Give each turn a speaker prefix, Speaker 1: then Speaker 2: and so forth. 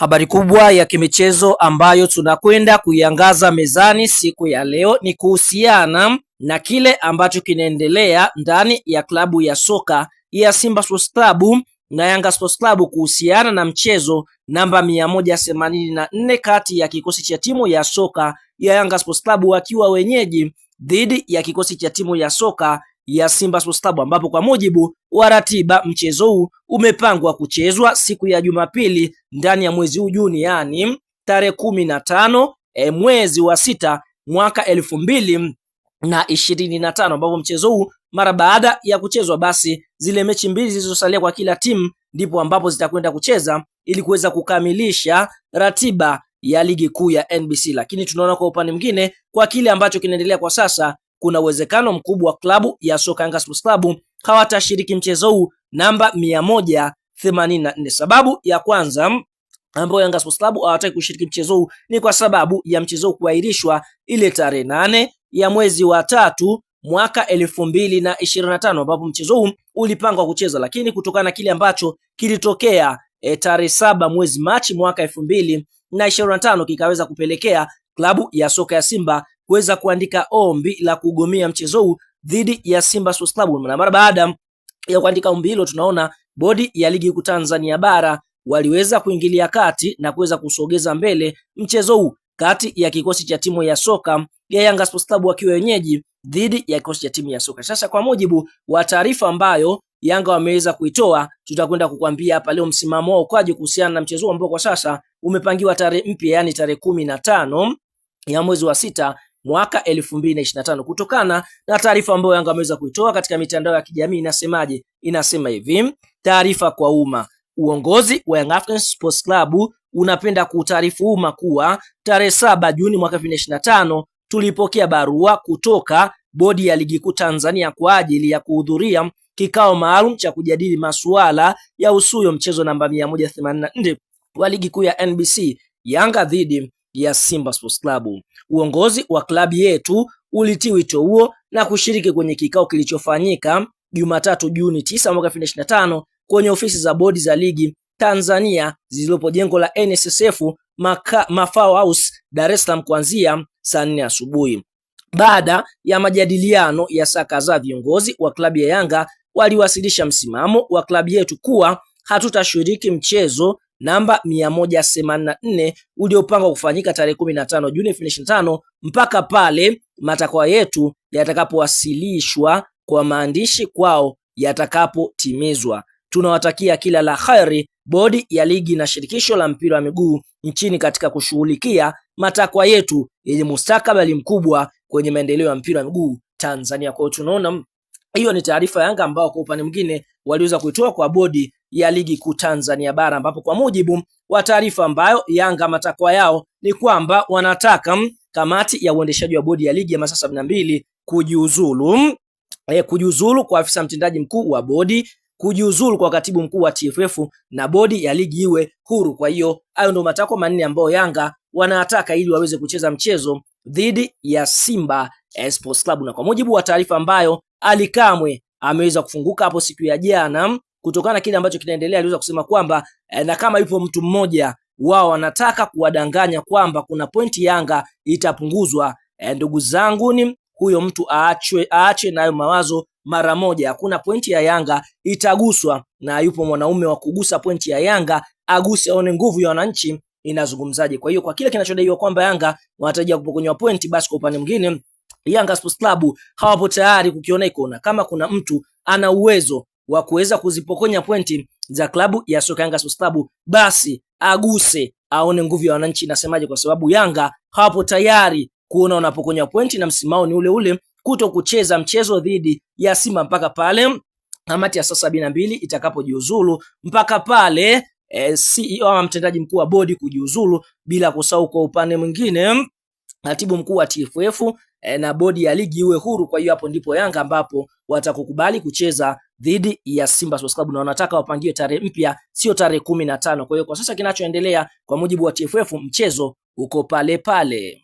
Speaker 1: Habari kubwa ya kimichezo ambayo tunakwenda kuiangaza mezani siku ya leo ni kuhusiana na kile ambacho kinaendelea ndani ya klabu ya soka ya Simba Sports Club na Yanga Sports Club kuhusiana na mchezo namba 184 kati ya kikosi cha timu ya soka ya Yanga Sports Club wakiwa wenyeji dhidi ya kikosi cha timu ya soka ya Simba Sports Club ambapo kwa mujibu wa ratiba mchezo huu umepangwa kuchezwa siku ya Jumapili ndani ya mwezi huu Juni, yani tarehe kumi na tano e, mwezi wa sita mwaka elfu mbili na ishirini na tano ambapo mchezo huu mara baada ya kuchezwa basi zile mechi mbili zilizosalia kwa kila timu ndipo ambapo zitakwenda kucheza ili kuweza kukamilisha ratiba ya ligi kuu ya NBC. Lakini tunaona kwa upande mwingine, kwa kile ambacho kinaendelea kwa sasa, kuna uwezekano mkubwa wa klabu ya soka Yanga Sports Club hawatashiriki mchezo huu namba 184. nne. Sababu ya kwanza ambayo Yanga Sports Club hawataki kushiriki mchezo huu ni kwa sababu ya mchezo huu kuahirishwa ile tarehe nane ya mwezi wa tatu mwaka elfu mbili na ishirini na tano ambapo mchezo huu ulipangwa kucheza, lakini kutokana na kile ambacho kilitokea e, tarehe saba mwezi Machi mwaka elfu mbili na ishirini na tano kikaweza kupelekea klabu ya soka ya Simba kuweza kuandika ombi la kugomea mchezo huu dhidi ya Simba Sports Club, na mara baada ya kuandika ombi hilo, tunaona bodi ya ligi kuu Tanzania bara waliweza kuingilia kati na kuweza kusogeza mbele mchezo huu kati ya kikosi cha timu ya soka ya Yanga Sports Club wakiwa wenyeji dhidi ya kikosi cha timu ya soka. Sasa kwa mujibu wa taarifa ambayo Yanga wameweza kuitoa, tutakwenda kukwambia hapa leo msimamo wao kwaje kuhusiana na mchezo ambao kwa sasa umepangiwa tarehe mpya, yani tarehe kumi na tano ya mwezi wa sita mwaka 2025 kutokana na taarifa ambayo Yanga ameweza kuitoa katika mitandao ya kijamii inasemaje? Inasema hivi: taarifa kwa umma. Uongozi wa Young Africans Sports Club unapenda kutaarifu umma kuwa tarehe saba Juni mwaka 2025 tulipokea barua kutoka bodi ya ligi kuu Tanzania kwa ajili ya kuhudhuria kikao maalum cha kujadili masuala ya usuyo mchezo namba 184 wa ligi kuu ya NBC Yanga dhidi ya Simba Sports Club. Uongozi wa klabu yetu ulitii wito huo na kushiriki kwenye kikao kilichofanyika Jumatatu Juni 9 mwaka 2025 kwenye ofisi za bodi za ligi Tanzania zilizopo jengo la NSSF Mafao House, Dar es Salaam kuanzia saa 4 asubuhi. Baada ya majadiliano ya saa kadhaa, viongozi wa klabu ya Yanga waliwasilisha msimamo wa klabu yetu kuwa hatutashiriki mchezo namba 184 uliopangwa kufanyika tarehe 15 Juni 2025 mpaka pale matakwa yetu yatakapowasilishwa kwa maandishi kwao yatakapotimizwa. Tunawatakia kila la kheri bodi ya ligi na shirikisho la mpira wa miguu nchini katika kushughulikia matakwa yetu yenye mustakabali mkubwa kwenye maendeleo ya mpira wa miguu Tanzania. Kwa hiyo tunaona hiyo ni taarifa Yanga ambao kwa upande mwingine waliweza kuitoa kwa bodi ya ligi kuu Tanzania bara ambapo kwa mujibu wa taarifa ambayo Yanga matakwa yao ni kwamba wanataka mm, kamati ya uendeshaji wa bodi ya ligi ya masaa sabini na mbili kujiuzulu e, kujiuzulu kwa afisa mtendaji mkuu wa bodi kujiuzulu kwa katibu mkuu wa TFF na bodi ya ligi iwe huru. Kwa hiyo hayo ndio matakwa manne ambayo Yanga wanataka ili waweze kucheza mchezo dhidi ya Simba Sports Club, na kwa mujibu wa taarifa ambayo Ally Kamwe ameweza kufunguka hapo siku ya jana kutokana na kile ambacho kinaendelea, aliweza kusema kwamba eh, na kama yupo mtu mmoja wao wanataka kuwadanganya kwamba kuna pointi Yanga itapunguzwa, eh, ndugu zanguni, huyo mtu aachwe, aache nayo mawazo mara moja. Hakuna pointi ya Yanga itaguswa, na yupo mwanaume wa kugusa pointi ya Yanga aguse, aone nguvu ya wananchi inazungumzaje. Kwa hiyo kwa kile kinachodaiwa kwamba Yanga wanatarajia kupokonywa pointi, basi kwa upande mwingine Yanga Sports Club hawapo tayari kukiona na Kama kuna mtu ana uwezo wa kuweza kuzipokonya pointi za klabu ya soka Yanga Sports Club, basi aguse aone nguvu ya wananchi inasemaje, kwa sababu Yanga hawapo tayari kuona wanapokonya pointi, na msimao ni ule ule, kuto kucheza mchezo dhidi ya Simba mpaka pale kamati ya saa sabini na mbili itakapojiuzulu mpaka pale eh, e, CEO ama mtendaji mkuu wa bodi kujiuzulu, bila kusahau kwa upande mwingine katibu mkuu wa TFF e, eh, na bodi ya ligi iwe huru. Kwa hiyo hapo ndipo Yanga ambapo watakukubali kucheza dhidi ya Simba Sports Club na wanataka wapangiwe tarehe mpya, sio tarehe kumi na tano. Kwa hiyo kwa sasa kinachoendelea kwa mujibu wa TFF, mchezo uko pale pale.